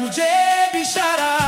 no dia Jebixará.